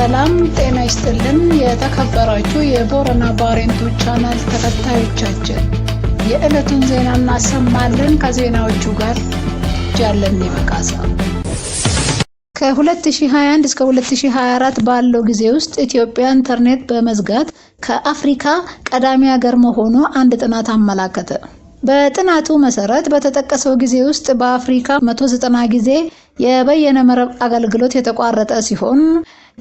ሰላም ጤና ይስጥልን። የተከበራችሁ የቦረና ባሬንቱ ቻናል ተከታዮቻችን የዕለቱን ዜና እናሰማለን። ከዜናዎቹ ጋር ጃለን የመቃሳ ከ ከ2021 እስከ 2024 ባለው ጊዜ ውስጥ ኢትዮጵያ ኢንተርኔት በመዝጋት ከአፍሪካ ቀዳሚ ሀገር መሆኑ አንድ ጥናት አመላከተ። በጥናቱ መሰረት በተጠቀሰው ጊዜ ውስጥ በአፍሪካ 190 ጊዜ የበየነ መረብ አገልግሎት የተቋረጠ ሲሆን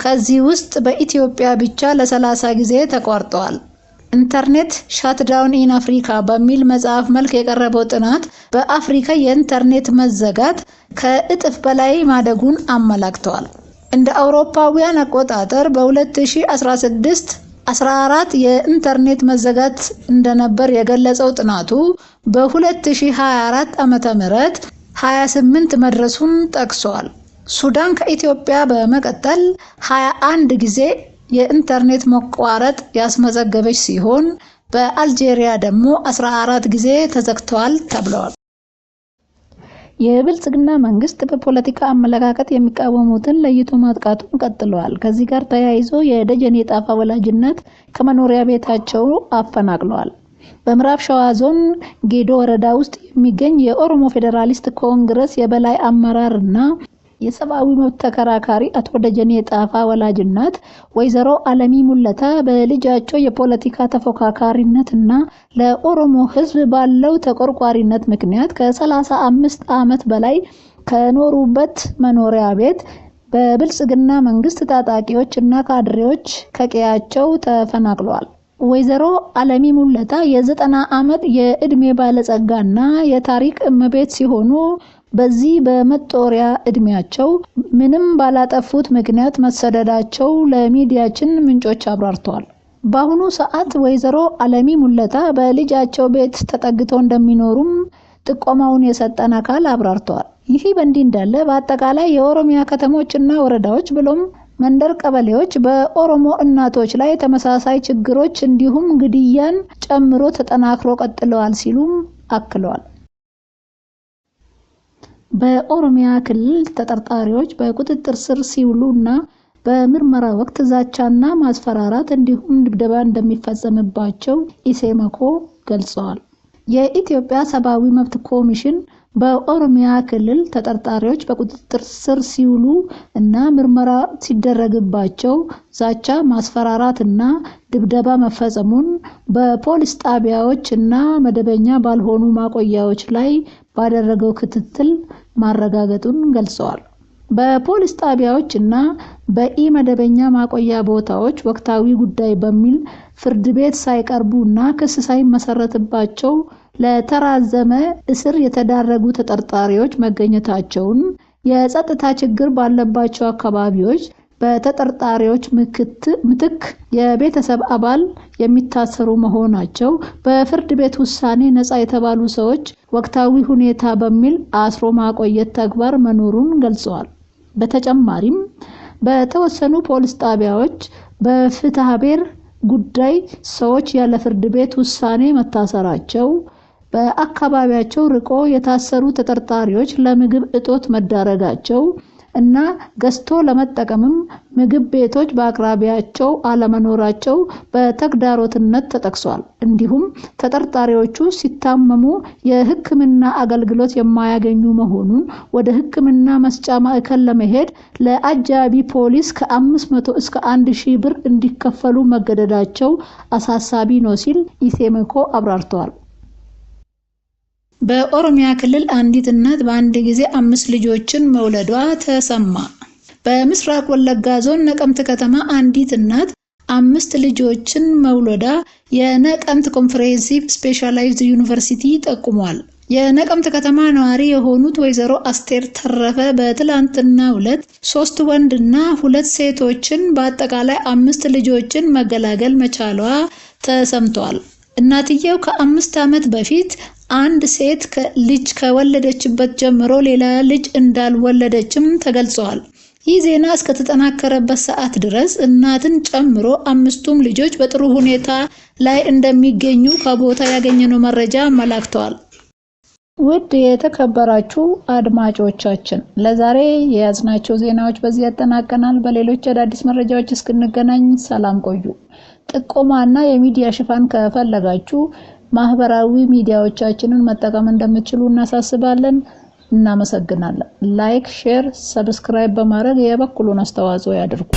ከዚህ ውስጥ በኢትዮጵያ ብቻ ለ30 ጊዜ ተቋርጠዋል። ኢንተርኔት ሻትዳውን ኢን አፍሪካ በሚል መጽሐፍ መልክ የቀረበው ጥናት በአፍሪካ የኢንተርኔት መዘጋት ከእጥፍ በላይ ማደጉን አመላክተዋል። እንደ አውሮፓውያን አቆጣጠር በ2016 14 የኢንተርኔት መዘጋት እንደነበር የገለጸው ጥናቱ በ2024 ም 28 መድረሱን ጠቅሷል። ሱዳን ከኢትዮጵያ በመቀጠል 21 ጊዜ የኢንተርኔት መቋረጥ ያስመዘገበች ሲሆን በአልጄሪያ ደግሞ 14 ጊዜ ተዘግተዋል ተብለዋል። የብልጽግና መንግስት በፖለቲካ አመለካከት የሚቃወሙትን ለይቶ ማጥቃቱን ቀጥለዋል። ከዚህ ጋር ተያይዞ የደጀኔ ጣፋ ወላጅነት ከመኖሪያ ቤታቸው አፈናቅለዋል። በምዕራብ ሸዋ ዞን ጌዶ ወረዳ ውስጥ የሚገኝ የኦሮሞ ፌዴራሊስት ኮንግረስ የበላይ አመራር እና የሰብአዊ መብት ተከራካሪ አቶ ደጀኔ ጣፋ ወላጅ እናት ወይዘሮ አለሚ ሙለታ በልጃቸው የፖለቲካ ተፎካካሪነት እና ለኦሮሞ ሕዝብ ባለው ተቆርቋሪነት ምክንያት ከ35 ዓመት በላይ ከኖሩበት መኖሪያ ቤት በብልጽግና መንግስት ታጣቂዎች እና ካድሬዎች ከቀያቸው ተፈናቅለዋል። ወይዘሮ አለሚ ሙለታ የዘጠና ዓመት የዕድሜ ባለጸጋና የታሪክ እመቤት ሲሆኑ በዚህ በመጦሪያ እድሜያቸው ምንም ባላጠፉት ምክንያት መሰደዳቸው ለሚዲያችን ምንጮች አብራርተዋል። በአሁኑ ሰዓት ወይዘሮ አለሚ ሙለታ በልጃቸው ቤት ተጠግተው እንደሚኖሩም ጥቆማውን የሰጠን አካል አብራርተዋል። ይህ በእንዲህ እንዳለ በአጠቃላይ የኦሮሚያ ከተሞች ወረዳዎች ብሎም መንደር ቀበሌዎች በኦሮሞ እናቶች ላይ ተመሳሳይ ችግሮች እንዲሁም ግድያን ጨምሮ ተጠናክሮ ቀጥለዋል ሲሉም አክለዋል። በኦሮሚያ ክልል ተጠርጣሪዎች በቁጥጥር ስር ሲውሉ እና በምርመራ ወቅት ዛቻና ማስፈራራት እንዲሁም ድብደባ እንደሚፈጸምባቸው ኢሴመኮ ገልጸዋል። የኢትዮጵያ ሰብአዊ መብት ኮሚሽን በኦሮሚያ ክልል ተጠርጣሪዎች በቁጥጥር ስር ሲውሉ እና ምርመራ ሲደረግባቸው ዛቻ፣ ማስፈራራት እና ድብደባ መፈጸሙን በፖሊስ ጣቢያዎች እና መደበኛ ባልሆኑ ማቆያዎች ላይ ባደረገው ክትትል ማረጋገጡን ገልጸዋል። በፖሊስ ጣቢያዎች እና በኢ-መደበኛ ማቆያ ቦታዎች ወቅታዊ ጉዳይ በሚል ፍርድ ቤት ሳይቀርቡ እና ክስ ሳይመሰረትባቸው ለተራዘመ እስር የተዳረጉ ተጠርጣሪዎች መገኘታቸውን፣ የጸጥታ ችግር ባለባቸው አካባቢዎች በተጠርጣሪዎች ምትክ የቤተሰብ አባል የሚታሰሩ መሆናቸው፣ በፍርድ ቤት ውሳኔ ነፃ የተባሉ ሰዎች ወቅታዊ ሁኔታ በሚል አስሮ ማቆየት ተግባር መኖሩን ገልጸዋል። በተጨማሪም በተወሰኑ ፖሊስ ጣቢያዎች በፍትሐ ብሔር ጉዳይ ሰዎች ያለ ፍርድ ቤት ውሳኔ መታሰራቸው በአካባቢያቸው ርቆ የታሰሩ ተጠርጣሪዎች ለምግብ እጦት መዳረጋቸው እና ገዝቶ ለመጠቀምም ምግብ ቤቶች በአቅራቢያቸው አለመኖራቸው በተግዳሮትነት ተጠቅሷል። እንዲሁም ተጠርጣሪዎቹ ሲታመሙ የሕክምና አገልግሎት የማያገኙ መሆኑን ወደ ሕክምና መስጫ ማዕከል ለመሄድ ለአጃቢ ፖሊስ ከ500 እስከ 1000 ብር እንዲከፈሉ መገደዳቸው አሳሳቢ ነው ሲል ኢሴምኮ አብራርተዋል። በኦሮሚያ ክልል አንዲት እናት በአንድ ጊዜ አምስት ልጆችን መውለዷ ተሰማ። በምስራቅ ወለጋ ዞን ነቀምት ከተማ አንዲት እናት አምስት ልጆችን መውለዷ የነቀምት ኮንፈሬንሲቭ ስፔሻላይዝድ ዩኒቨርሲቲ ጠቁሟል። የነቀምት ከተማ ነዋሪ የሆኑት ወይዘሮ አስቴር ተረፈ በትላንትና ሁለት ሶስት ወንድና ሁለት ሴቶችን በአጠቃላይ አምስት ልጆችን መገላገል መቻሏ ተሰምቷል። እናትየው ከአምስት ዓመት በፊት አንድ ሴት ልጅ ከወለደችበት ጀምሮ ሌላ ልጅ እንዳልወለደችም ተገልጸዋል። ይህ ዜና እስከተጠናከረበት ሰዓት ድረስ እናትን ጨምሮ አምስቱም ልጆች በጥሩ ሁኔታ ላይ እንደሚገኙ ከቦታ ያገኘነው መረጃ አመላክተዋል። ውድ የተከበራችሁ አድማጮቻችን ለዛሬ የያዝናቸው ዜናዎች በዚህ ያጠናቀናል። በሌሎች አዳዲስ መረጃዎች እስክንገናኝ ሰላም ቆዩ። ጥቆማና የሚዲያ ሽፋን ከፈለጋችሁ ማህበራዊ ሚዲያዎቻችንን መጠቀም እንደምትችሉ እናሳስባለን። እናመሰግናለን። ላይክ፣ ሼር፣ ሰብስክራይብ በማድረግ የበኩሉን አስተዋጽኦ ያድርጉ።